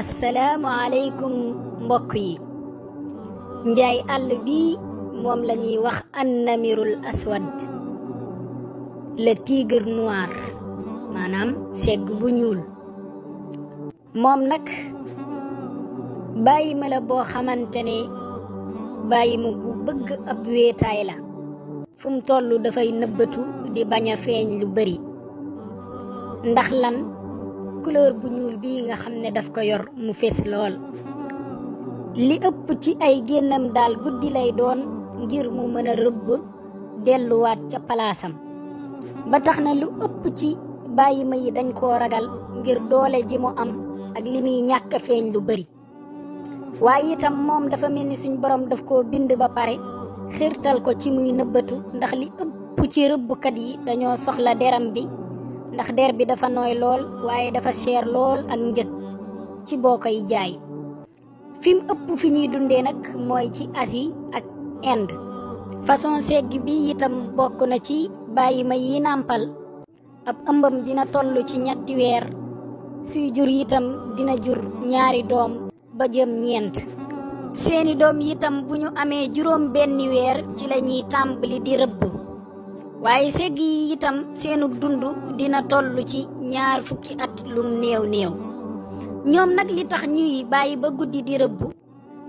asalaamualeykum mbokk yi njaay àll bii moom lañuy wax annamirul aswad la tigre noir maanaam segg bu ñuul moom nag bàyyi la boo xamante ne bàyyi bu bëgg ab wéetaay la fu mu dafay nëbbatu di bañ a feeñ lu bari ndax lan couleur bu ñuul bii nga xam ne daf ko yor mu fees lool li ëpp ci ay génnam daal guddi lay doon ngir mu mën a rëbb delluwaat ca palaasam ba tax na lu ëpp ci bàyyi ma yi dañ koo ragal ngir doole ji mu am ak li muy ñàkk feeñ lu bari waaye itam moom dafa mel ni suñ borom daf koo bind ba pare xirtal ko ci muy nëbbatu ndax li ëpp ci rëbbkat yi dañoo soxla deram bi ndax der bi dafa noy lol waye dafa cher lol ak njëg ci bokay jaay fim ëpp fi ñuy dundé nak moy ci Asie ak end. façon ségg bi itam bokku na ci bayima yi nampal ab ëmbam dina tollu ci ñetti wër suy jur itam dina jur ñaari dom ba jëm ñent seeni dom itam buñu amé juroom juróom benn weer ci lañuy tambali di rëbb waaye segg yi itam seenu dund dina toll ci ñaar fukki at lum néew néew ñoom nag li tax ñuy bàyyi ba guddi di rëbb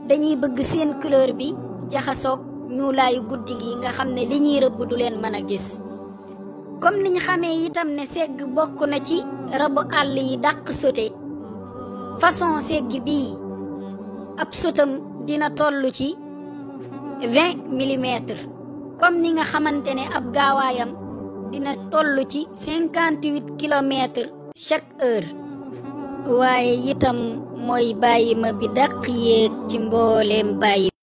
dañuy bëgg seen couleur bi jaxasoog ñuulaayu guddi gi nga xam ne li ñuy rëbb du leen mën a gis comme niñ xamee itam ne segg bokk na ci rabu àll yi dàq sote façon segg bii ab sotam dina toll ci vingt millimètres comme ni nga xamante ne ab gaawaayam dina toll ci cinquante huit kilomètres chaque heure waaye itam mooy bàyyi ma bi dàq yéeg ci mbooleem bàyyi